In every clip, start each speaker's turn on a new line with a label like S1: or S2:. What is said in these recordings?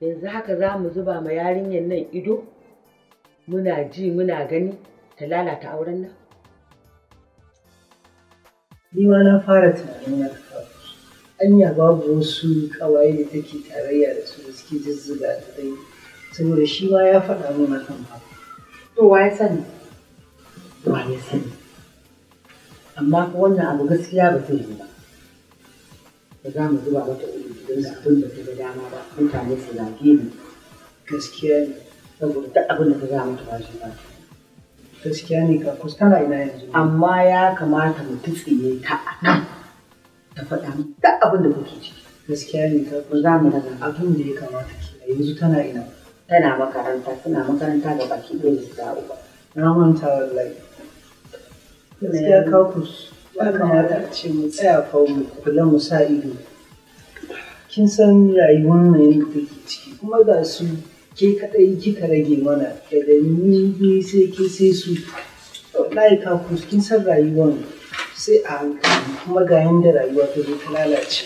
S1: yanzu haka za mu zuba ma yarinyar nan ido muna ji muna gani ta lalata auren nan ni
S2: ma na fara tunanin ya anya babu wasu kawaye da take tarayya da su da suke zuzzuga da dai saboda shi ma ya faɗa min hakan ba to
S1: wa ya sani wa ya sani amma wannan abu gaskiya ba zai yi ba ba za mu zuba mata ido yi abin da ta dama ba mutane su zage ni gaskiya ne saboda duk abin da ta gaya mata ba shi ba
S2: gaskiya ne ka kuskara ina yanzu amma ya kamata mu tsiye ka a nan ta faɗa duk abin da kuke ciki gaskiya ne ka ku za mu daga abin da ya kamata ki yanzu tana ina tana makaranta tana makaranta ga baki ɗaya da su dawo ba na manta wallahi gaskiya ka ku ya kamata a ce mu tsaya fa mu kula mu sa ido kin san rayuwar mai da take ciki kuma ga su ke kadai kika rage mana daga ni ne sai ke sai su wallahi ka ku kin san rayuwar sai a hankali kuma ga yanda rayuwa ta zo ta lalace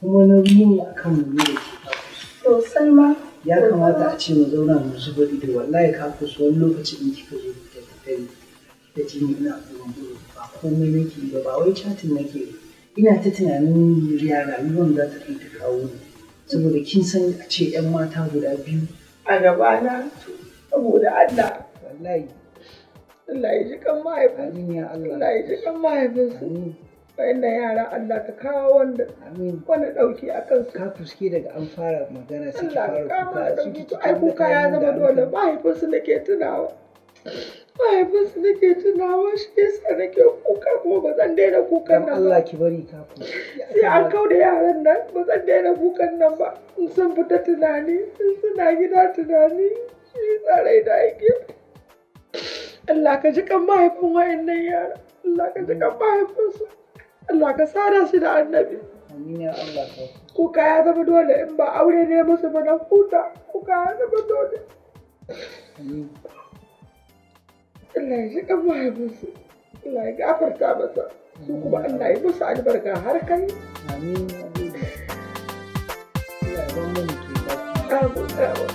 S2: kuma na ne akan mu ne da ke sosai ya kamata a ce mu zauna mu zuba ido wallahi ka ku wani lokaci in kika zo da ta da jini ina ba komai nake ba ba wai chatin nake ba ina ta tunanin ya rayuwar za ta kai ta kawo ni saboda kin san a ce 'yan mata guda biyu a gabana saboda Allah wallahi Allah ya ji kan ya Allah ya ji kan mahaifinsu wa'annan yara Allah ka kawo wanda wanda dauki a kansu ka fuske daga an fara
S1: magana sai ki fara kuka ai kuka ya zama dole mahaifinsu nake tunawa mahaifinsu ke tunawa shi ya yasa nake kuka kuma ba zan daina kukan nan ba. Allah
S2: ki bari ta ku.
S1: Sai an kau da yaran nan ba zan daina kukan nan ba. In sun fita tunani, in suna gida tunani, shi yasa rai da ake. Allah ka ji kan mahaifin wa'annan yara. Allah ka ji kan mahaifinsu. Allah ka sada shi da annabi. Kuka ya zama dole in ba aure ne musu ba na huta. Kuka ya
S3: zama dole. Allah ya
S4: ji kan mahaifinsu
S3: Allah ya gafarta masa su kuma Allah ya musu albarka har kai amin Allah ya ba mu ke ba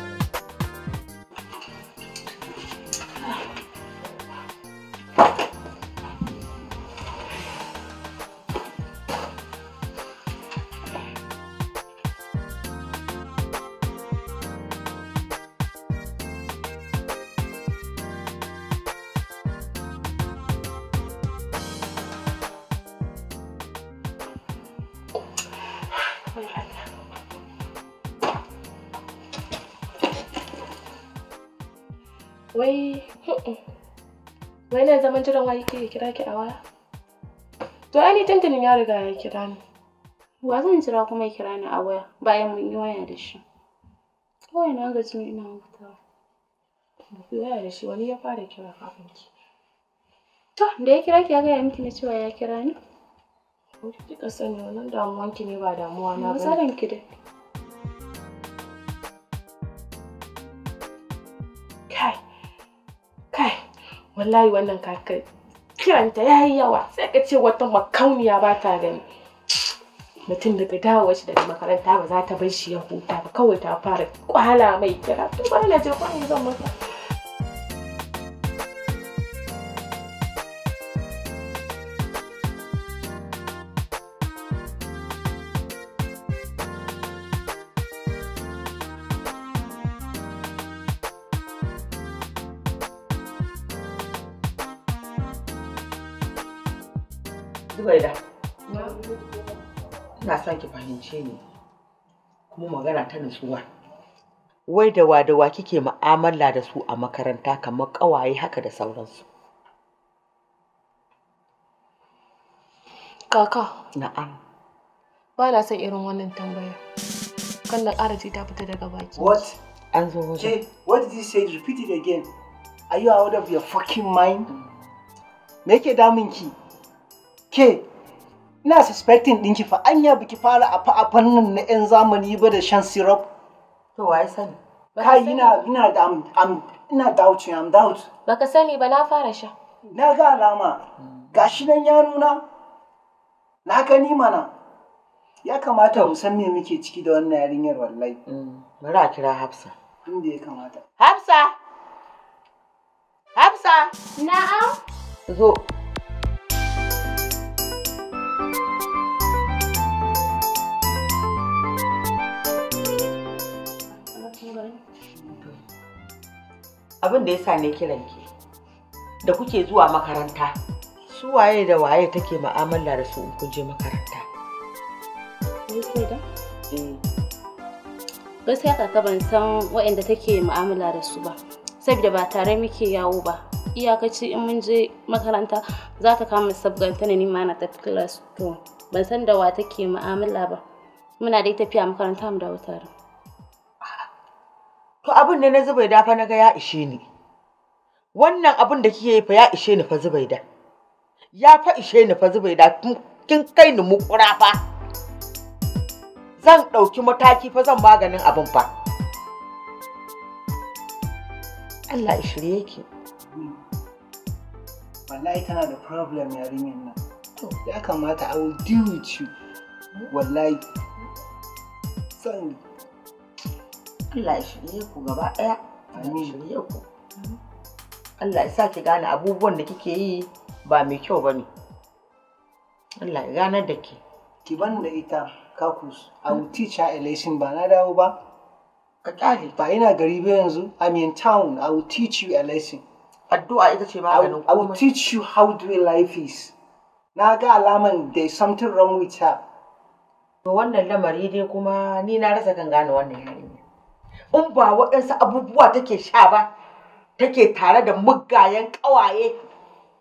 S4: zaman jiran waye ke kira ki a waya? To ai ni tantanin ya riga ya kira ni. Wa zan jira kuma ya kira ni a waya bayan mun yi waya da shi. Kawai na gaji ne ina hutawa. waya da shi wani ya fara kira kafin ki. To da ya kira ki ya gaya miki na cewa ya kira ni? Ko kika sani wannan ki ne ba damuwa na ba. Matsalan ki dai. wallahi wannan kakar kiranta ya yi yawa sai ka ce wata makauniya ba ta gani mutum daga dawowar shi daga makaranta ba za ta bar shi ya huta ba kawai ta fara kwala mai kira to bari na je zan mata
S1: zalunce ni kuma magana ta nutsuwa wai da wa da wa kike mu'amala da su a makaranta kamar ƙawaye haka da sauransu kaka na'am
S4: ba na son irin wannan tambaya kan na ƙara ta fita daga baki what
S1: an zo wajen what did
S2: you say repeat it again are you out of your fucking mind mm. me yake damun ki ke ina suspecting ɗinki fa anya biki fara a a nan na 'yan zamani ba da shan syrup to waye sani kai ina ina da am ina doubt am doubt
S4: baka sani ba na fara sha
S2: na ga alama gashi nan ya nuna na gani mana ya kamata mu san me muke ciki da wannan yarinyar wallahi
S1: mm, bari a kira Hafsa inda ya kamata Hafsa Hafsa na'am zo abin da ya sa ne kiranki da kuke zuwa makaranta su waye da waye take ma'amala da su in kun je makaranta
S4: eh. gaskiya kaka ban san waɗanda take mu'amala da su ba saboda ba tare muke yawo ba iyakaci in mun je makaranta za ta kama sabganta ne ma na tafi class 2 ban san da wa take mu'amala ba muna dai tafiya makaranta mu dawo tare
S1: to abin ne na zubaida fa na ga ya ishe ni wannan abin da kike yi fa ya ishe ni fa zubaida ya fa ishe ni fa zubaida kin kai ni mukura fa zan ɗauki mataki fa zan maganin abin fa Allah ya shirye ki
S2: wallahi tana da problem yarinyar nan ya kamata I will deal with you wallahi
S1: Allah ya shirye ku gaba ɗaya Allah ya shirye ku Allah ya sa ki gane abubuwan da kike yi ba mai kyau ba ne Allah ya gane da ke
S2: ki ban da ita kakus a teach her lesson ba na dawo ba ka kyale ba ina gari ba yanzu I'm in town I will teach you a lesson addu'a ita ce maganin kuma. I will teach you how to life is na ga alaman there
S1: is something wrong with her to wannan lamari dai kuma ni na rasa kan gane wannan yare in ba waɗansu abubuwa take sha ba take tare da muggayen ƙawaye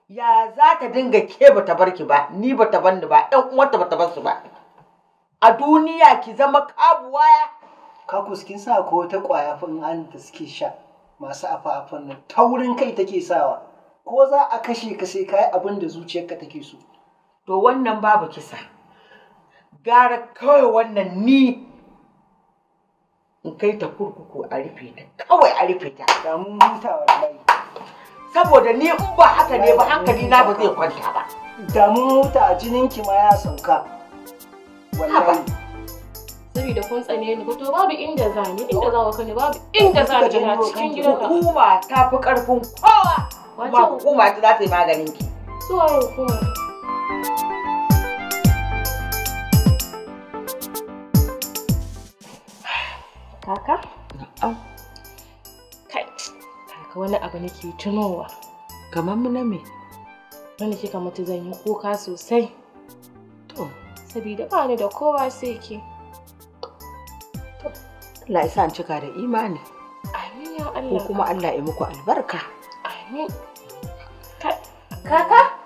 S1: ya za ta dinga ke ba ta barki ba ni ba ta ni ba ɗan uwanta ba ta bar su ba a duniya ki zama kabuwaya
S2: kakus kin sa ko ta ƙwaya fa an da suke sha masu afa nan taurin kai take sawa ko za a kashe ka sai kayi abin da zuciyarka take so to wannan babu
S1: kisa gara kawai wannan ni in kai ta kurkuku a rufe ta kawai a rufe ta da mun huta wallahi saboda ni in ba haka ne ba hankali na ba zai kwanta ba
S2: da mun huta jinin ki ma ya
S4: sauka wallahi saboda kun tsane ni to babu inda
S1: za ni inda za ka ne babu inda za ni na cikin gidan ka hukuma ta fi karfin kowa kuma hukuma ta za ta yi maganin ki
S4: so kuma Kaka? Na'am. Kai, kaka wani abu nake tunowa. Kamar mu na me? Wani kika mutu zan yi kuka sosai. To, sabida ba ni da kowa sai ke.
S1: Allah ya sa cika da imani.
S4: Amin ya Allah. Ko kuma
S1: Allah ya muku albarka.
S4: Amin. Kaka?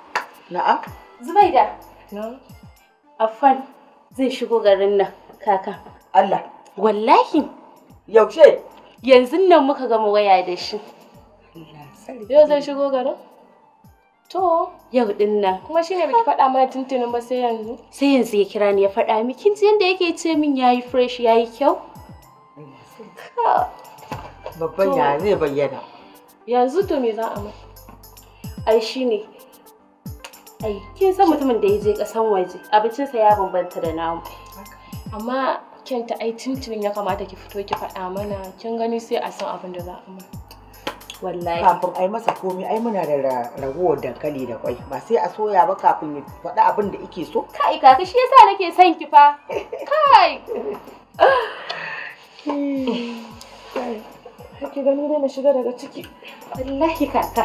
S4: Na'am. Zubaida. Na'am. Afan zai shigo garin nan, kaka.
S1: Allah. Wallahi.
S4: Yaushe? Yanzu nan muka gama waya da shi. Yau zai shigo garin? To, yau din nan. Kuma shine baki faɗa mana tuntunin ba sai yanzu. Sai yanzu ya kira ni ya faɗa mi kin ji yanda yake ce min yayi fresh yayi kyau?
S1: Babban ya zai bayyana.
S4: Yanzu to me za a mai? Ai shine Ai, kin san mutumin da ya je ƙasan waje, abincinsa ya bambanta da namu. Amma kenta ai tuntunin ya kamata ki fito ki faɗa mana kin gani sai a san abin da za a mana
S1: wallahi kafin ai masa komai ai muna da ragowar dankali da kwai ba sai a soya ba kafin ya faɗi abin da ike so
S4: kai kaka shi yasa nake son ki fa kai Ki gani dai na shiga daga ciki. Wallahi kaka.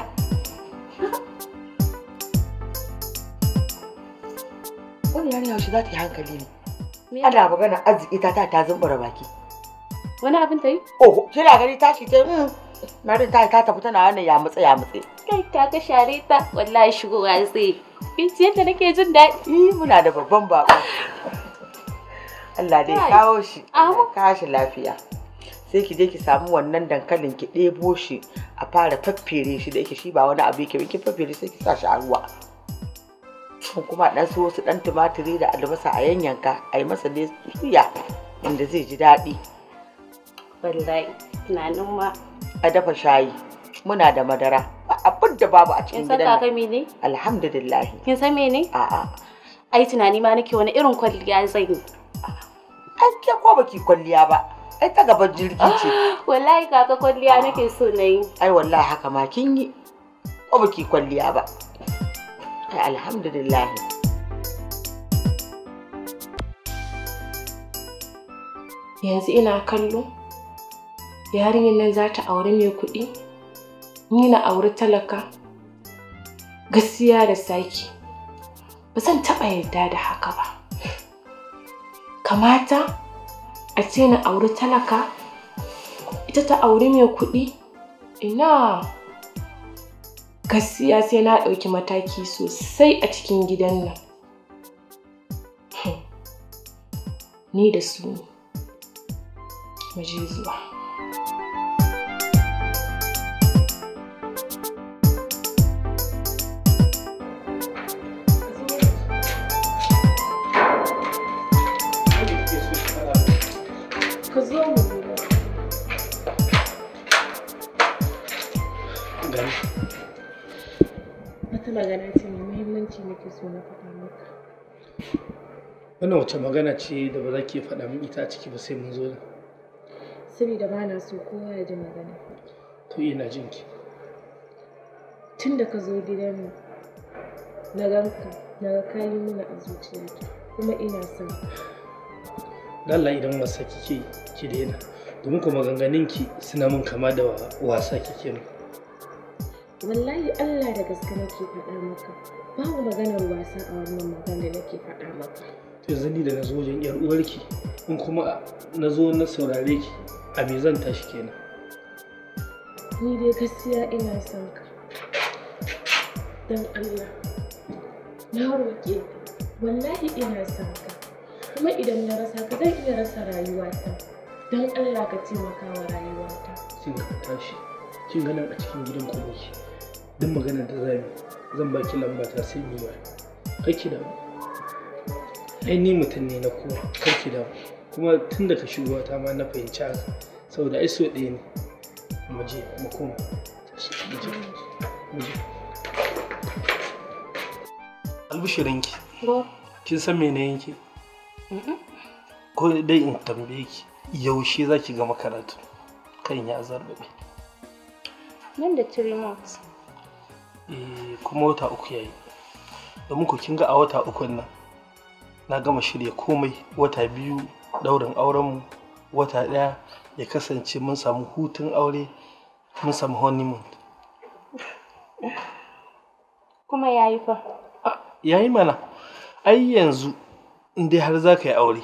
S1: Wani yarinya shi za ta yi hankali ne. ana magana arziki ta ta ta zumbura baki wani abin ta yi oh kina gani ta shi ta marin hmm. ta ta tafi tana wannan ya mutse ya mutse
S4: kai ta ka share ta wallahi shigowa zai bici yadda nake jin daɗi muna da
S1: babban bako Allah dai kawo shi kawo shi lafiya sai ki je ki samu wannan dankalin ki ɗebo shi a fara faffere shi da yake shi ba wani abu yake ki faffere sai ki sa shi a ruwa kuma dan su wasu dan tumatiri da albasa a yanyanka a yi masa dai suya inda zai ji daɗi
S4: wallahi tunanin ma
S1: a dafa shayi muna da madara ba abin da babu a cikin gidan kin san ne alhamdulillah kin san me ne a'a ai tunani ma nake wani irin kwalliya zan yi ai ke ko baki kwalliya ba ai ta gaban jirgi ce wallahi kaka kwalliya nake so nayi yi ai wallahi haka ma kin yi ko baki kwalliya ba haka alhamdulillah
S4: yanzu ina kallo yarinyar nan za ta auri mai kuɗi ni na auri talaka gaskiya da saki ba zan taɓa yarda da haka ba kamata a ce na auri talaka ita ta auri mai kuɗi ina gaskiya sai na ɗauki mataki sosai a cikin gidan nan hmm. ni da su mu je zuwa
S5: ake so na faɗa maka wannan wace magana ce da ba za ki faɗa min ita a ciki ba sai mun zo
S4: saboda ba na so kowa ya ji magana
S5: to ina jin ki
S4: tun da ka zo gidan mu na ganka na ga kayi mini a ta, kuma ina son
S5: Allah idan wasa kike ki daina domin kuma ki suna min kama da wasa kike mu
S4: wallahi Allah da gaske nake faɗa maka babu maganar wasa a wannan magana da nake faɗa
S5: maka to yanzu ni da na zo wajen yar uwarki in kuma na zo na saurare ki a me zan tashi kenan
S4: ni dai gaskiya ina son ka dan Allah na roƙe wallahi ina son ka kuma idan na rasa ka zan iya rasa rayuwata
S5: dan Allah ka taimaka wa rayuwata kin ka tashi kin ganin a cikin gidan ku ki? duk magana da zamu zan baki lamba ta sai mu ba kake da ai ni mutum ne na kowa kake da kuma tun da ka shigo ta ma na fahimci haka saboda ai so ɗaya ne mu je mu koma mu je kin san yake ko dai in tambaye ki yaushe za ki gama karatu kan ya zarbabe
S4: nan da three months
S5: Eh, kuma wata uku ya yi. domin ku kinga a wata uku nan na gama shirya komai wata biyu daurin aurenmu wata ɗaya ya kasance mun samu hutun aure mun samu honeymoon
S4: kuma yayi fa
S5: yayi mana ai yanzu in dai har za ka yi aure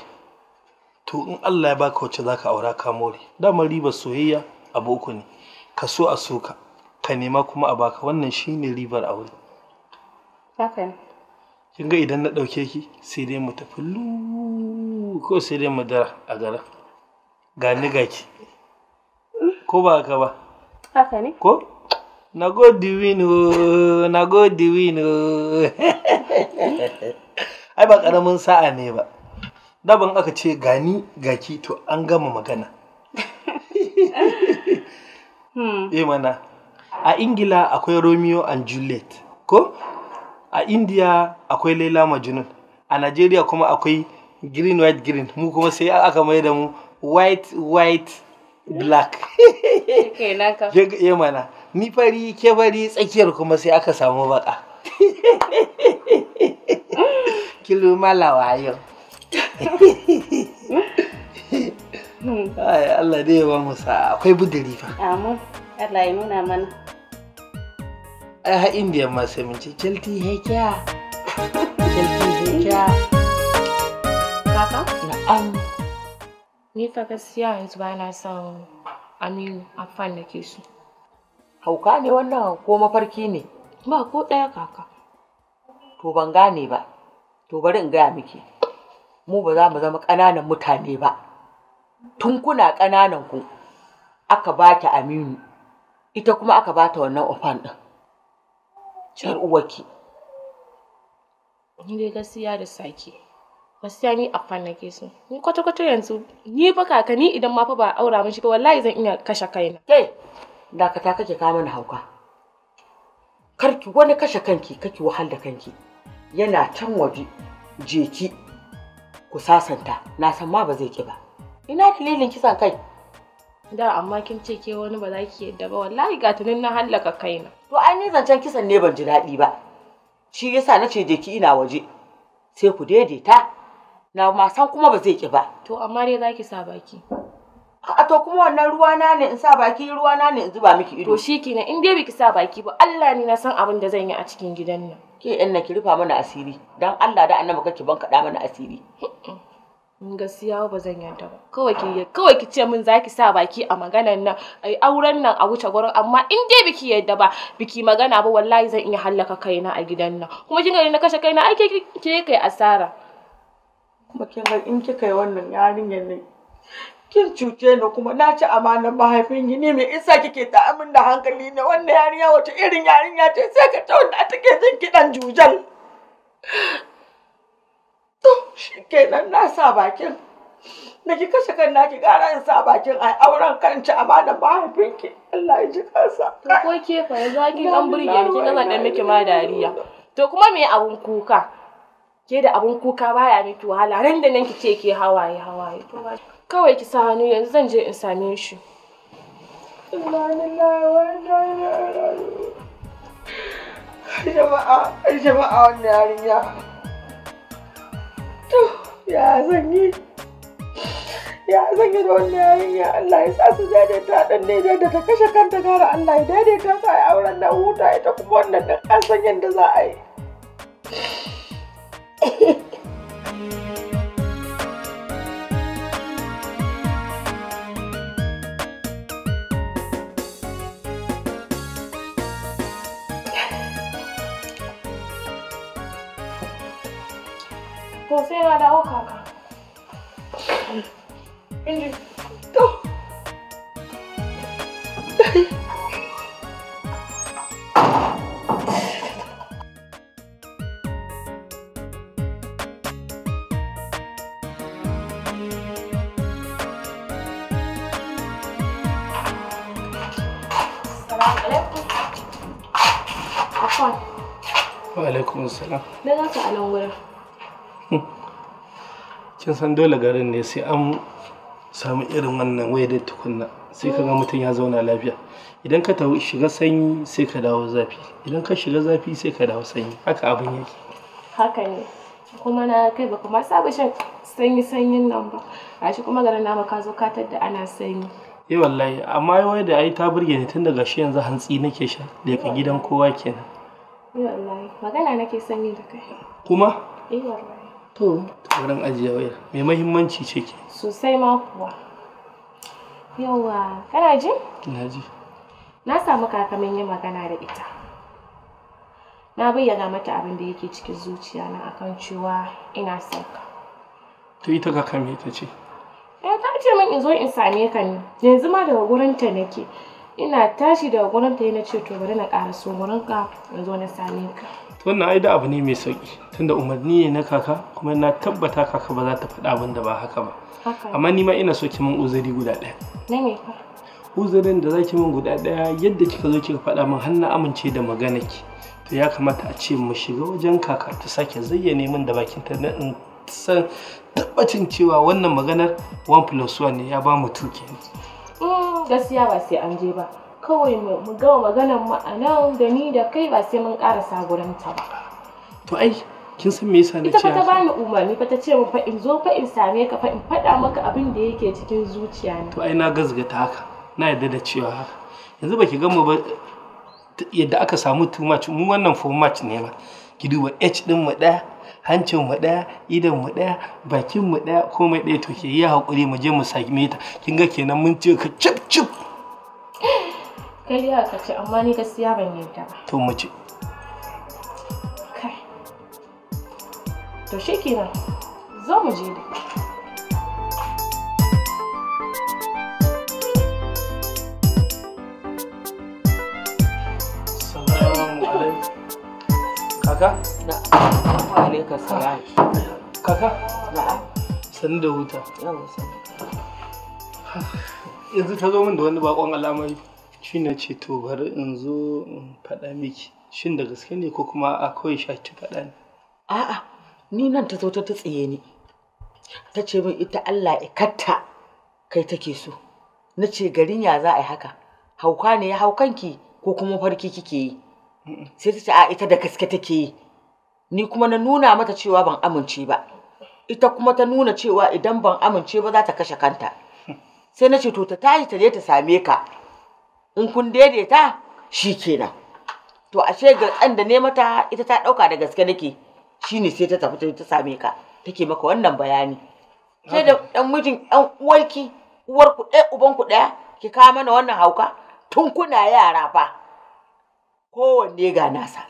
S5: to in Allah ya baka wacce za ka aura ka more damar ribar soyayya abu uku ne ka so a soka ka nema kuma a baka wannan shine ribar aure haka kin ga idan na ɗauke ki sai dai mu tafi
S1: lu
S5: ko sai dai mu dara a gara ga ni ga ki ko ba haka ba haka ne ko na go wino na go wino ai ba karamin sa'a ne ba da ban aka ce gani ki to an gama magana hmm. eh mana a ingila akwai romeo and juliet ko a india akwai laila majnun a nigeria kuma akwai green white green mu kuma sai aka mai da mu white white black ya eh mana ni fari ke fari tsakiyar kuma sai aka samu baka kilo malawa yau hmm. Allah dai ya ba mu sa akwai budiri fa
S1: amin Allah ya nuna mana
S5: a indiya ma sai mun ce celti hai kya
S1: chalti hai kya
S4: kaka na'am ni fa gaskiya yanzu ba na
S1: son aminu afan da ke so hauka ne wannan ko mafarki ne ba ko ɗaya kaka to ban gane ba to bari in gaya miki mu ba za mu zama ƙananan mutane ba tun kuna ƙananan ku aka ba ta aminu ita kuma aka ba ta wannan ofan ɗin yar uwarki
S4: ni dai gaskiya da sake gaskiya ni a fan nake so ni kwata kwata yanzu ni fa kaka ni idan ma fa ba aura mun
S1: shi ba wallahi zan iya kashe kaina kai ta kake ka mana hauka karki wani kashe kanki kake wahal da kanki yana can waje jeki ku sasanta na san ma ba zai ki ba ina dalilin kisan kai
S4: da amma kin ce ke wani ba za ki yadda ba wallahi ga tunin na hallaka kaina to
S1: ai ne zancen kisan ne ban ji daɗi ba shi yasa na ce ki ina waje sai ku daidaita na ma san kuma ba zai ki ba to amma dai za ki sa baki a to kuma wannan ruwa na ne in sa baki ruwa na ne in zuba miki ido to shi kenan, in dai biki sa baki ba Allah ne na san abin da zan yi a cikin gidan nan ke yan na ki rufa mana asiri dan Allah da annabi kake ban kaɗa mana asiri
S4: gaskiya ba zan yanta ba kawai ki kawai ki ce min zaki sa baki a maganar nan ai auren nan a wuce gurin amma in dai biki yadda ba biki magana ba wallahi zan iya hallaka kaina a gidan nan kuma kin ga na kashe kaina ai ke kai asara
S1: kuma kin ga in kika yi wannan yarinyar ne kin cuce ni kuma na ci amanar mahaifin ne me isa kike ta amin da hankali ne wannan yarinya wata irin yarinya ce sai ka wanda take jin kidan jujal kenan na sa bakin da ki kashe kan na ki kara in sa bakin ai auren kanci da mahaifinki Allah ya ji kansa
S4: to ko ke fa ya zaki dan burge ki dan dan miki ma dariya to kuma me abun kuka ke da abun kuka baya miki wahala ran da nan ki ce ke hawaye hawaye kawai ki sa hannu yanzu zan je in same shi
S1: Jama'a, jama'a wannan yarinya. ya zan ya zan yi ya yi yarinya Allah ya sa su daidaita ɗan daidaita ta kashe kanta gara Allah ya daidaita sa a auren da huta ita kuma wannan ɗan an san yadda za a yi
S4: na dawo kaka. Inji. To.
S5: Wa alaikun salam.
S4: Me za ka a nan wurin?
S5: kin san dole garin ne sai an samu irin wannan waya da tukunna sai ka ga mm. mutum ya zauna lafiya idan ka shiga sanyi sai ka dawo zafi idan ka shiga zafi sai ka dawo sanyi haka abin yake
S4: haka ne kuma na kai ba, kuma saba shan sanyi sanyin nan ba shi kuma garin nama ka zo ka da ana sanyi
S5: eh wallahi amma wai da ai ta burge ni tun daga shi yanzu hantsi nake sha daga gidan kowa kenan
S4: eh wallahi magana nake sanyi da kai kuma eh wallahi
S5: To, wurin ajiye waya mai mahimmanci ce ke.
S4: Sosai ma kuwa. Yawa, kana ji? Ina ji. Na samu kakamin yin magana da ita. Na bayyana mata abin da yake cikin zuciya na akan cewa ina son
S5: ka. To ita kakamin ita ce.
S4: Eh ta ce min in zo in same ka ne. Yanzu ma daga gurinta nake. Ina tashi daga gurinta na ce to bari na ƙara so ka in zo na same ka.
S5: to wannan ai da abu ne mai sauki tunda umarni ne na kaka kuma na tabbata kaka ba za ta faɗa abin da ba haka ba amma ni ma ina so ki min uzuri guda ɗaya na uzurin da zaki min guda ɗaya yadda kika zo kika faɗa min har na amince da magana ki to ya kamata a ce mu shiga wajen kaka ta sake zayyane min da bakin ta na in san tabbacin cewa wannan maganar one plus one ne ya ba mu tuke
S4: mm, gaskiya ba sai an je ba kawai mu gama maganar mu a da ni da kai ba sai mun ƙara gurin ta ba
S5: to ai kin san me yasa na ce ita ta bani
S4: umarni fa ta ce mu fa in zo fa in same ka fa in faɗa maka abin da yake cikin zuciya ne. to
S5: ai na gazgata haka na yarda da cewa haka yanzu baki gama ba yadda aka samu too much mu wannan format ne ba. ki duba h din mu ɗaya, hancin mu ɗaya, idan mu ɗaya, bakin mu ɗaya komai ɗaya to ke yi hakuri mu je mu same ta kin ga kenan mun ce ka cip cip
S4: Kai dai aka ce amma ni gaskiya ban yarda ba.
S5: To mu ce. Kai.
S4: To shikenan. Zo mu je da.
S5: Kaka? Na'am. Wa alaika salam. Kaka? Na'am. Sani da huta. Yawa sani. Yanzu ta zo min da wani bakon al'amari. shi na ce to bari in zo in faɗa miki shin da gaske ne ko kuma akwai kawai faɗa ne a'a ni nan ta zo ta tsaye
S1: ni ta ce min ita Allah ikatta kai take so na ce garin ya za a yi haka hauka ne ya haukanki ko kuma farki kike yi sai ta ce a ita da gaske take yi ni kuma na nuna mata cewa ban amince ba ita kuma ta nuna cewa idan ban amince ba za ta kashe kanta sai na ce to ta tashi ta je ta same ka in kun daidaita shi kenan to ashe ɗan da ne mata ita ta ɗauka da gaske nake shine sai ta tafi ta same ka take maka wannan bayani sai da ɗan mijin ɗan uwarki uwar ku uban ku ɗaya ki kawo mana wannan hauka tun kuna yara fa kowanne ga nasa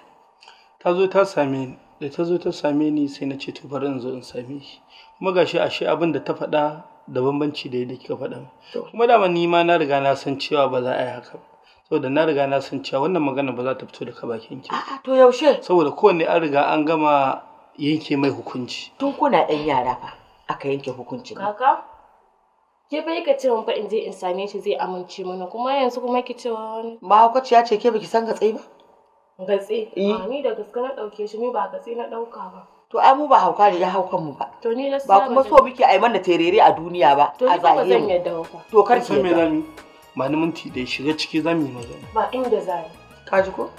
S5: ta zo ta same ni da ta zo ta same ni sai na ce to bari in zo in same shi kuma gashi ashe abin da ta faɗa da bambanci da yadda kika faɗa kuma dama ni ma na riga na san cewa ba za a yi haka ba saboda na riga na san cewa wannan magana ba za ta fito daga bakin ki a'a to yaushe saboda kowanne an riga an gama yanke mai hukunci tun kuna ɗan yara fa aka yanke hukunci
S4: kaka ke bai ka ce fa in je in same shi
S1: zai amince mana kuma
S4: yanzu kuma ki ce wani
S1: ciya ce ke baki san gatse ba gatse eh. ni
S4: da gaske na ɗauke shi ni ba gatse na ɗauka ba
S1: to ai mu ba hauka da ya haukan mu ba
S4: to ni gaskiya ba kuma
S1: so muke ai mana terere a duniya ba
S4: a zahiru
S5: to kar ki me zamu ba ni minti da shiga ciki zamu yi magana
S4: ba inda zamu
S5: ka ji ko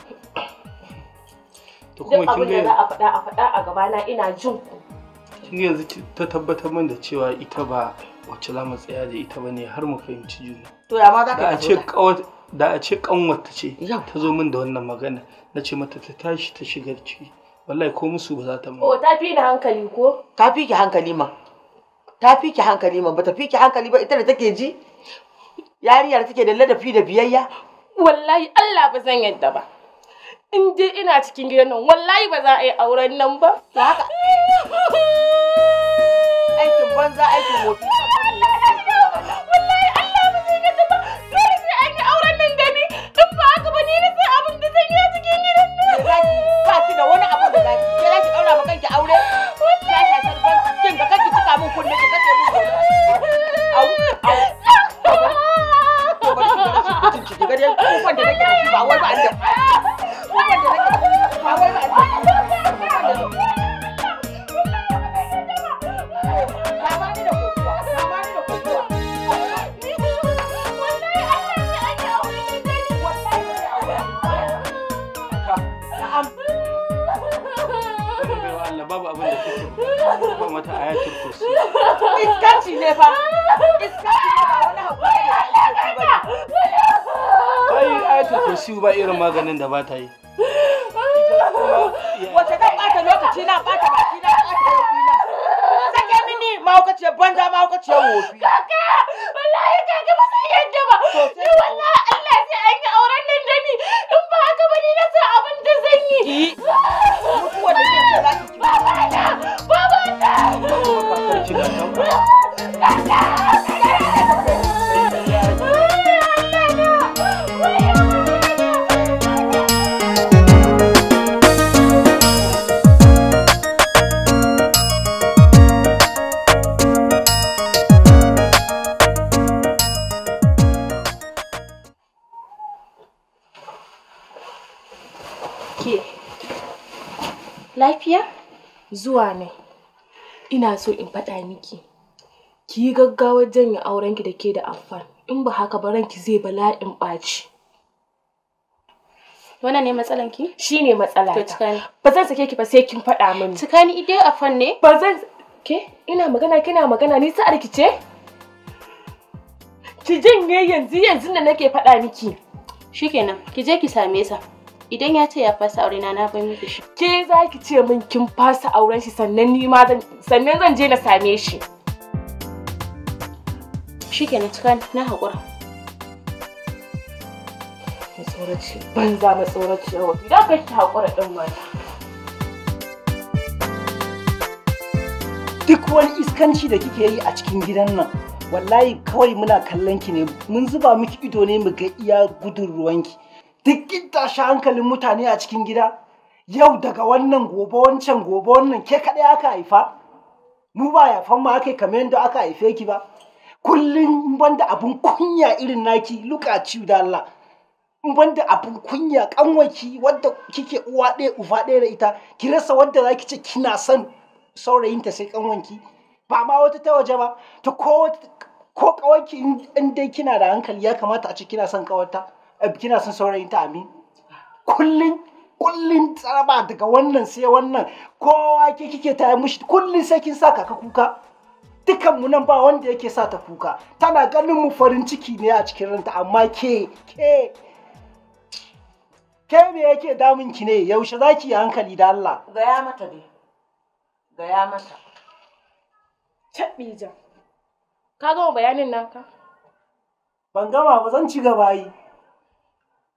S5: to kuma kin ga za a
S4: faɗa a faɗa a gaba na ina jin ku
S5: kin yanzu ta tabbatar min da cewa ita ba wacce za mu tsaya da ita ba ne har mu fahimci juna
S1: to ya ma za ka ce
S5: da a ce kanwata ce ta zo min da wannan magana na ce mata ta tashi ta shiga ciki wallahi ko musu ba za ta mu
S1: o oh, ta fi da hankali ko ta fi ki hankali ma ta fi ki hankali ma bata fi ki hankali ba ita da take ji yariyar take da ladafi da biyayya
S4: wallahi Allah ba zan yadda ba in dai ina cikin gidan nan wallahi ba za a yi auren nan ba haka
S1: aikin banza aikin motsi. ni rasa abin da zan yi a cikin gidan nan. Ba ki da wani abu da zaki. Ke za ki daura ma kanki aure? Wallahi. a san ban kin ga kanki cika mun kunne ki kace mun gauta. Au au. da shi kucin ki ga dai kofar da nake ba wai ba an da. Kofar da nake
S5: babu abin da kike ba mata
S1: iskanci ne fa iskanci ne ba wani hakuri ne
S5: ai ba irin maganin da ba ta yi
S1: wace kan bata lokaci na bata baki na bata lokaci na sake mini mahaukaciyar banza mahaukaciyar wofi kaka wallahi kaka ba san yadda
S4: ba ni wallahi Allah sai an yi auren nan da ni in ba haka ba ni na san abin da
S1: zan yi
S4: lafiya zuwa zuane. ina so in faɗa miki ki yi gaggawar janye aurenki da ke da amfan in ba haka ba ranki zai in ɓaci wannan ne matsalan ki shine matsala to cikani ba zan sake ki ba sai kin faɗa mini cikani idai afan ne ba zan ke ina magana kina magana ni sa arki ce ki janye yanzu yanzu da nake faɗa miki shikenan ki je ki same sa Idan ya ce ya fasa aure na na bai miki shi. Ke za ki ce min kin fasa auren shi sannan ni ma zan sannan zan je na same shi. na tukan na haƙura. Matsoraci mu matsoraci yawa. Idan ka ki haƙura din ma
S2: Duk wani iskanci da kike yi a cikin gidan nan wallahi kawai muna kallon ki ne mun zuba miki ido ne mu ga iya gudun ruwanki. duk kin tashi hankalin mutane a cikin gida yau daga wannan gobe wancan gobe wannan ke kaɗai aka haifa mu ba fan ma aka kamar yadda aka haife ki ba kullum banda abun kunya irin naki luka ciu da Allah banda abun kunya kanwaki wadda kike uwa ɗaya ufa ɗaya da ita ki rasa wadda zaki ce kina son saurayinta sai kanwanki ba ma wata ta waje ba ta ko ko kawanki in dai kina da hankali ya kamata a ce kina son kawarta kina son saurayin ta amin kullum kullum tsaraba daga wannan sai wannan kowa ke kike ta mushi kullum sai kin sa kaka kuka dukan mu nan ba wanda yake sa ta kuka tana ganin mu farin ciki ne a cikin ranta amma ke ke ke me yake damun ki ne yaushe zaki yi hankali da Allah
S1: gaya mata dai gaya mata tabbija ka gama bayanin naka
S2: ban gama ba zan ci gaba yi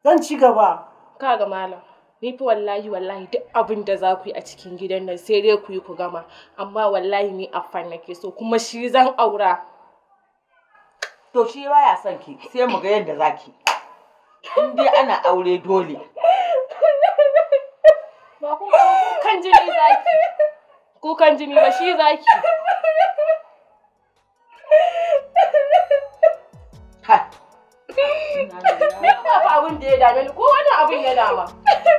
S2: Zan ci gaba.
S4: Kaga malam, ni fi wallahi wallahi duk abin da za ku yi a cikin gidan nan sai dai ku yi ku gama, amma wallahi ni
S1: afan nake so kuma shi zan aura. To shi baya son ki, sai mu ga yadda za ki. In dai ana aure dole.
S4: Ba kun kan jini zaki. Ku kan jini ba shi za ki. Ni ba abin da ya dame ni ko wani abin ya dama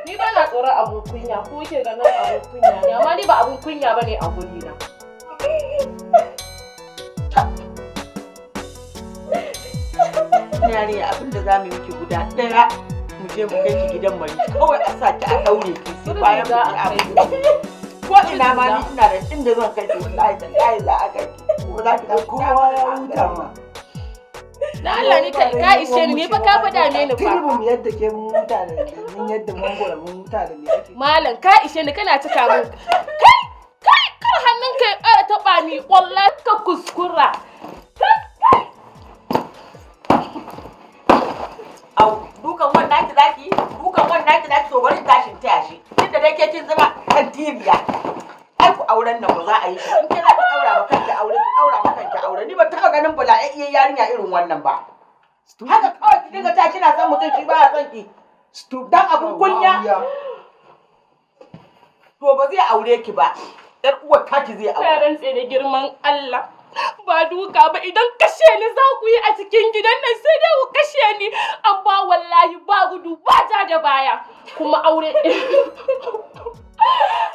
S4: ni ba na tsoron abin kunya ko ke ganin abin kunya ne amma ni ba abin kunya ba ne a guri na
S1: yare abin da za mu yi miki guda ɗaya mu je mu kai ki gidan mari kawai a sa ki a ɗaure ki sai bayan mu abu ko ina ma ni ina da inda zan kai ki wallahi da za a kai ki ko za ki da kowa ya huta ma
S4: na Allah ni ka
S3: ka
S2: ishe ni fa ka faɗa me fa kirbin yadda ke mun huta da mun yadda mun gora mun huta da
S4: malam ka ishe ni kana cika mun kai kai kar hannun kai a taba ni
S1: wallahi ka kuskura au dukan wannan daki daki dukan wannan daki daki to bari tashin ta dai ke kin zama kan tibiya ai ku auren nan ba za a yi shi in kina aura ba aure ki aura ba aure ni ba taɓa ganin bala'iyyar yarinya irin wannan ba haka kawai ki dinga ta kina san mutum shi baya son ki dan abun kunya to ba zai aure ki ba yar uwar ki zai aure yaran
S4: tsaye da girman Allah ba duka ba idan kashe ni za ku yi
S1: a cikin gidan nan sai dai
S4: ku kashe ni amma wallahi ba gudu ba ta da baya kuma aure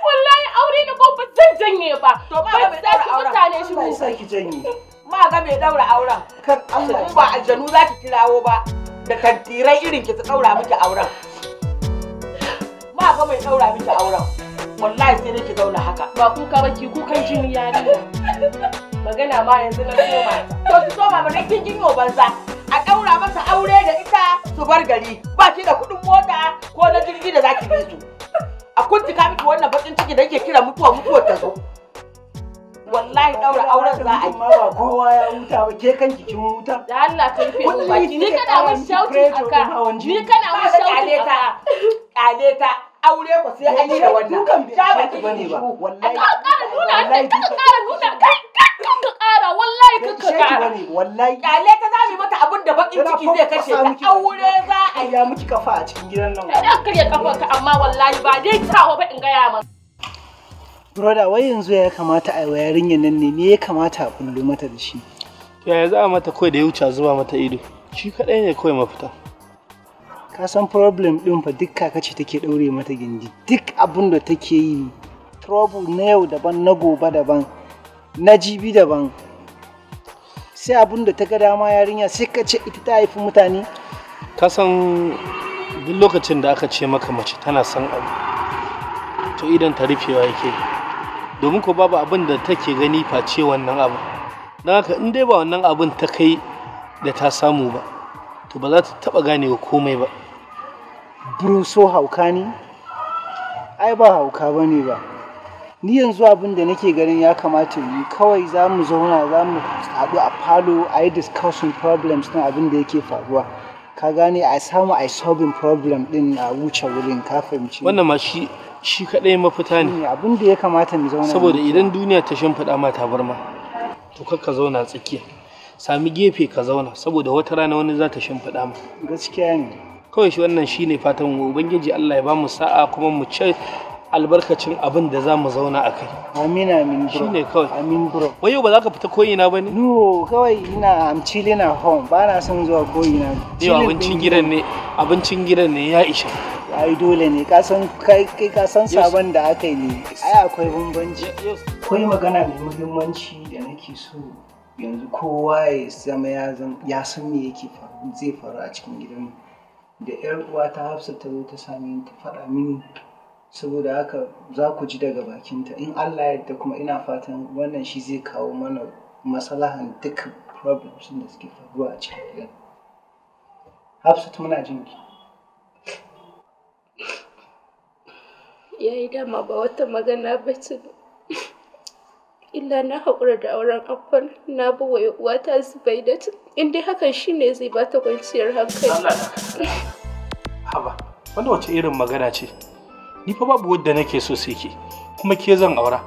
S1: wallahi aure ni ko ba zan janye ba to ba ga mai daura auren mutane shi mun sai ki janye ma ga mai daura auren kan Allah ba aljanu za ki kirawo ba da kantirai irin ki su daura miki auren ma ga mai daura miki auren wallahi sai ki zauna haka ba kuka ba ki kukan jini yarinya magana ma yanzu na soma to ki soma ba kin jinyo banza a ɗaura masa aure da ita su bar gari ba ki da kuɗin mota ko na jirgi da zaki bi su Kun kuntuka miki wannan bakin ciki da yake kira mutuwa mutuwa ta zo wallahi daura auren za a yi ma ba kowa ya huta ba ke kan jikin huta da Allah ka rufe mu baki ni kana mun shautin aka ni kana mun shautin aka Kaleta. Kaleta. aure ko sai an yi da wannan dukan bai shaki bane ba wallahi ka ƙara nuna ka ƙara nuna kai kan ka ƙara wallahi kan ka ƙara wallahi kyale ta zami mata abin da bakin ciki zai kashe ta aure za a yi miki kafa a cikin gidan nan dan karya kafa ka amma
S4: wallahi ba dai tawa ba in gaya maka
S2: Broda wai yanzu ya kamata a yi wa yarinyar nan ne me ya kamata a kullu mata da shi.
S5: Yaya za a mata kawai da ya wuce zuba mata ido shi kaɗai ne kawai mafita.
S2: ka san problem ɗin fa duk kaka ce take ɗaure mata gindi duk abin da take yi trouble na yau daban na gobe daban na jibi daban sai abin da ta ga dama yarinya sai ka ce ita ta haifi mutane
S5: ka san duk lokacin da aka ce maka mace tana son abu to idan ta rufewa yake domin ko babu abin da take gani face wannan abu don haka in dai ba wannan abin ta kai da ta samu ba to ba za ta taba ganewa komai ba so hauka ne
S2: ai ba hauka ba ne ba ni yanzu abin da nake ganin ya kamata yi kawai za mu zauna za mu haɗu a falo a yi discussion problems na abin da yake faruwa ka gane a samu a solving problem din a wuce wurin ka fahimci wannan
S5: ma shi shi kadai mafita ne
S2: abin da ya kamata mu zauna saboda idan
S5: duniya ta shimfiɗa ma ma to ka zauna tsakiya sami gefe ka zauna saboda wata rana wani za ta shimfiɗa ma gaskiya ne kawai shi wannan shine fatan ubangiji Allah ya ba mu sa'a kuma mu ce albarkacin abin da za mu zauna a kai. Amin amin bro. Shine kawai. Amin bro. Wai yau ba za ka fita ko ina ba ne? No,
S2: kawai ina am chilling at home. Ba na son zuwa ko ina.
S5: Yau abincin gidan ne, abincin gidan ne ya isha.
S2: Ai dole ne, ka san kai kai ka san sabon da aka yi ne. Ai akwai bambanci. Akwai magana da muhimmanci da nake so yanzu kowa ya zama ya san me yake zai faru a cikin gidanmu. da yar uwa ta hafsa ta zo ta same ta faɗa mini saboda haka za ku ji daga bakinta in allah yadda kuma ina fatan wannan shi zai kawo mana masalahan dukkan problems da suke faruwa a cikin gidan hafsat muna jin ki
S4: yayi dama ba wata magana ba ce ba illa na haƙura da auren akwai na buwa zubai da in dai hakan shi ne zai ba ta kwanciyar hankali
S5: haba wanda wace irin magana ce ni fa babu wadda nake so sai ke kuma ke zan aura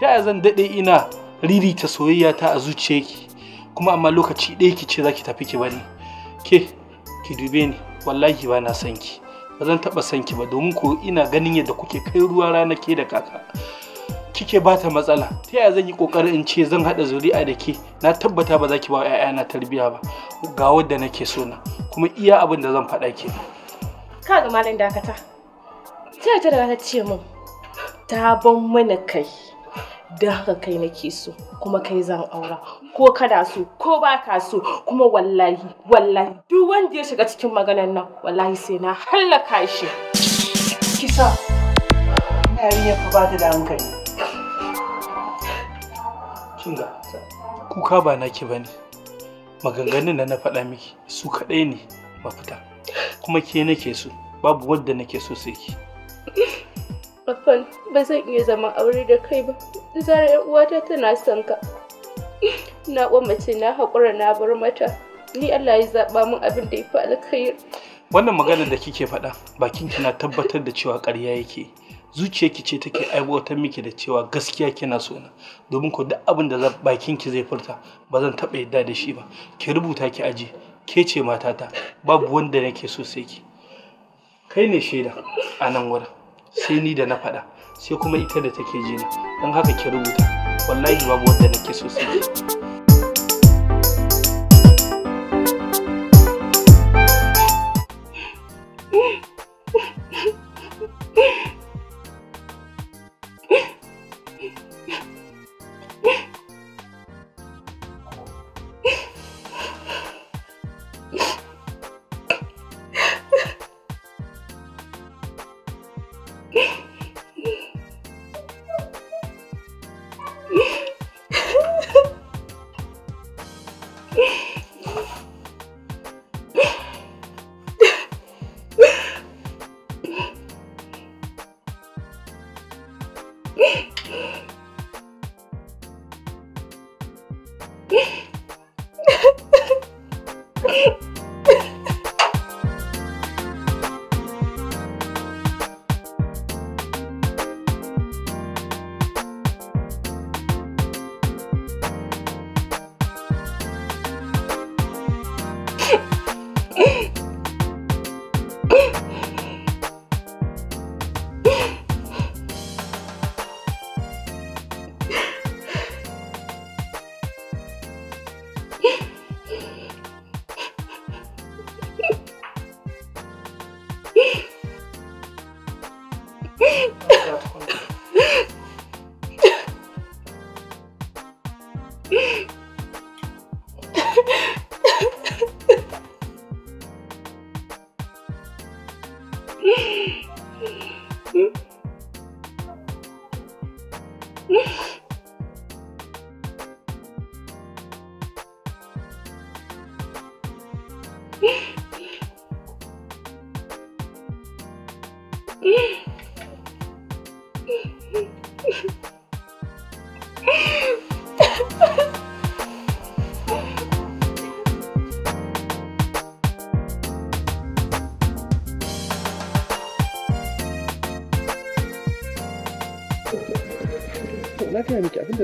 S5: ta yaya zan daɗe ina ririta soyayya ta a zuciyarki kuma amma lokaci ɗaya ki ce za ki tafi ki bani ke ki dube ni wallahi ba na san ki ba zan taɓa san ki ba domin ko ina ganin yadda kuke kai ruwa rana ke da kaka kike ba ta matsala ta yaya zan yi kokarin in ce zan hada zuri'a da ke na tabbata ba za ki ba wa 'ya'yana tarbiyya ba ga wadda nake so na kuma iya abin da zan faɗa ke
S4: ka ga malam dakata sai ta daga ta ce min ta ban mana kai da haka kai nake so kuma kai zan aura ko kada so ko ba ka so kuma wallahi wallahi duk wanda ya shiga cikin maganar nan wallahi sai na hallaka shi kisa
S5: ina yafa ba ta da hankali kinga kuka ba naki bane maganganun da na faɗa miki su kaɗai ne mafita kuma ke nake so babu wadda nake so sai ki
S4: Afan, ba zan iya zama aure da kai ba. zara zarar uwata tana son ka. Na mace na haƙura na bar mata. Ni Allah ya zaɓa min abin da ya fi alkhairi.
S5: Wannan maganar da kike faɗa bakin na tabbatar da cewa ƙarya yake. zuciyarki ce take aiwatar miki da cewa gaskiya kina so na domin ko duk abin da bakin ki zai furta ba zan taɓa yadda da shi ba ki rubuta ki aje ke ce matata babu wanda nake so sai ki kai ne shaida a nan wurin sai ni da na faɗa sai kuma ita da take jina don haka ki rubuta wallahi babu wanda nake so sai ki
S4: Yeah.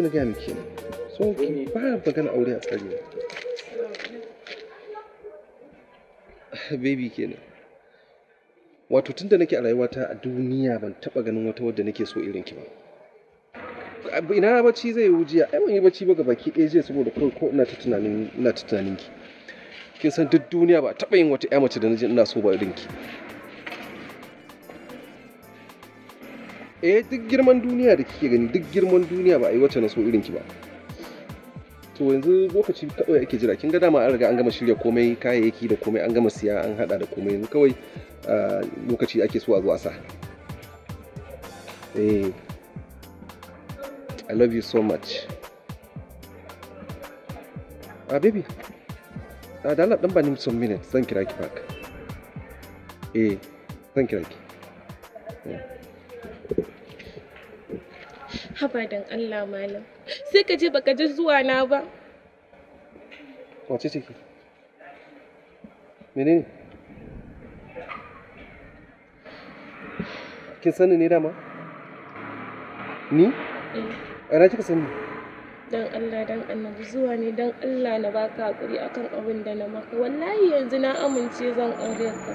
S3: ne na gaya miki so ki ba magana aure a tsari baby kenan wato tunda nake a rayuwata a duniya ban taba ganin wata wadda nake so irin ki ba ina bacci zai yi wujiya ai ban yi bacci ba ga baki ɗaya jiya saboda kawai ko ina ta tunanin ina ta tunanin ki kin san duk duniya ba taba yin wata ƴa mace da naji ina so ba irin ki eh duk girman duniya da kike gani duk girman duniya ba a yi wacce na so irin ki ba to yanzu lokaci kawai ake jira kin ga dama an riga an gama shirya komai kayayyaki da komai an gama siya an hada da komai yanzu kawai ah, lokaci ake so a zo a sa eh i love you so much ah baby ah da Allah dan ba ni some minutes zan kira ki back eh zan kira ki yeah.
S4: haba don Allah malam sai ka je baka ji zuwa na ba
S3: wace ce ki menene kin sani ne dama ni eh. a ana kika sani
S4: dan Allah dan annabi zuwa ne dan Allah na baka hakuri akan abin da na maka wallahi yanzu na amince zan aure ka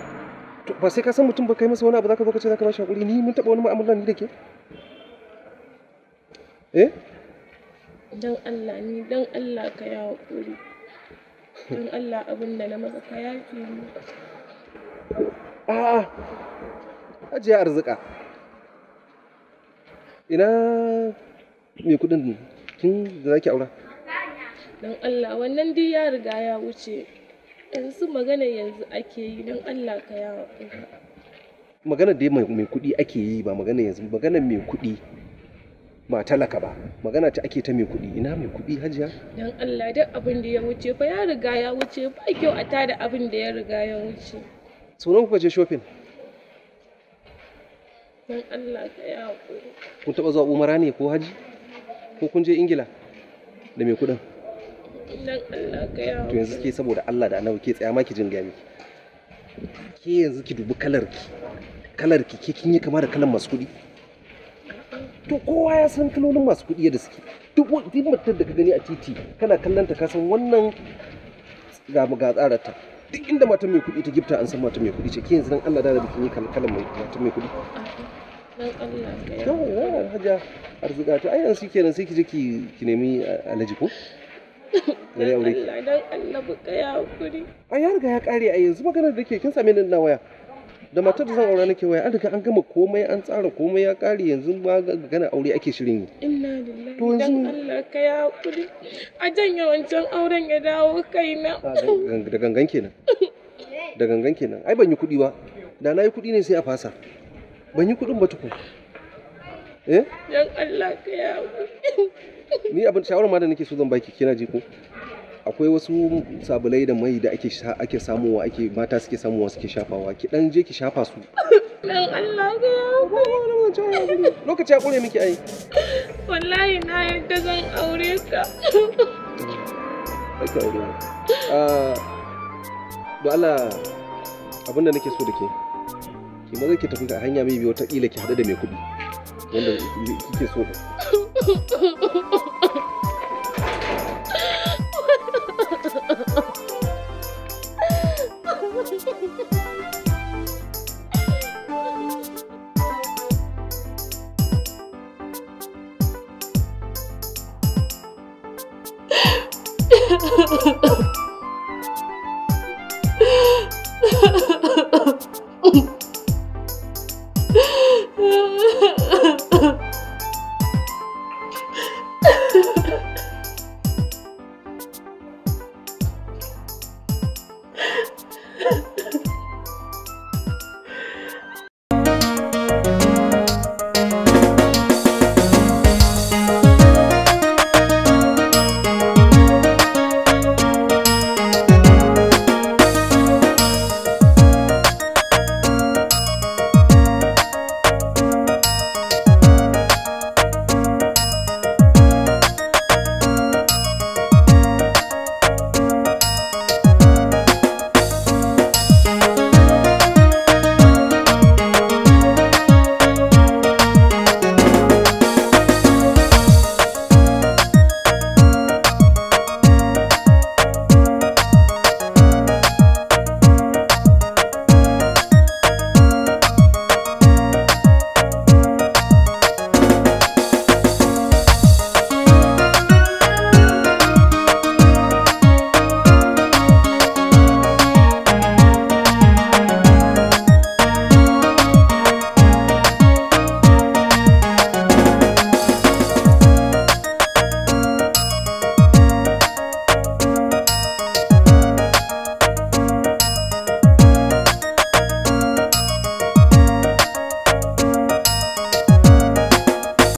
S3: To, ba sai ka san mutum ba kai masa wani abu zaka zo ka ce zaka bashi hakuri ni mun taba wani mu'amala ni da ke Eh?
S4: Don Allah ni, don Allah ka yi haƙuri. Don Allah abin da na maka ka yafe mu.
S3: A'a, ajiye arzika. Ina mai kuɗin kin da ki aura?
S4: Don Allah wannan duk ya riga ya wuce. Yanzu magana yanzu ake yi don Allah ka yi haƙuri.
S3: Magana dai mai kuɗi ake yi ba magana yanzu magana mai kuɗi. ba talaka ba magana ta ake ta mai kuɗi ina mai kuɗi hajiya
S4: dan Allah duk abin da ya wuce fa ya riga ya wuce ba kyau a tada abin da ya riga ya wuce
S3: sunan kuka je shopping
S4: dan Allah ka ya hakuri
S3: kun taba zuwa umara ne ko haji ko kun je ingila da mai kuɗin
S4: dan Allah ka ya to yanzu ke
S3: saboda Allah da Annabi ke tsaya ma ki jin gami ke yanzu ki dubi kalar ki kalar ki ke kin yi kama da kalan masu kuɗi to kowa ya san kalolin masu kuɗi da suke duk mutum da ka gani a titi kana kallon ta kasan wannan ga ga tsarar ta duk inda mata mai kuɗi ta gifta an san mata mai kuɗi ce ke yanzu nan Allah da bikin yi kalkalan mata mai kuɗi
S5: yawwa
S3: hajja arzika to ai yanzu kenan sai ki je ki nemi alaji ko Allah ya ki Allah
S4: dan Allah
S3: ya riga ya kare a yanzu maganar da ke kin same ni na waya da matar zan aura nake waya an riga an gama komai an tsara komai ya kare yanzu ba gana aure ake shirin yi
S4: inna lillahi to yanzu Allah ka ya hakuri a janye wancan auren ya dawo kaina
S3: da gangan kenan da gangan kenan ai ban yi kuɗi ba da na yi kuɗi ne sai a fasa ban yi kuɗin ba tukun eh
S5: dan Allah ka ya ni
S3: abin shawara ma da nake so zan baki kina ji ko akwai wasu sabulai da mai da ake ake samuwa ake mata suke samuwa suke shafawa ki dan je ki shafa su
S4: dan Allah ga
S3: lokaci ya kure miki ai
S4: wallahi na yadda zan aure ka
S3: ake aure ah do Allah abinda nake so da ke ki maza ki tafi hanya mai biyo ta kila ki hada da mai kuɗi wanda kike so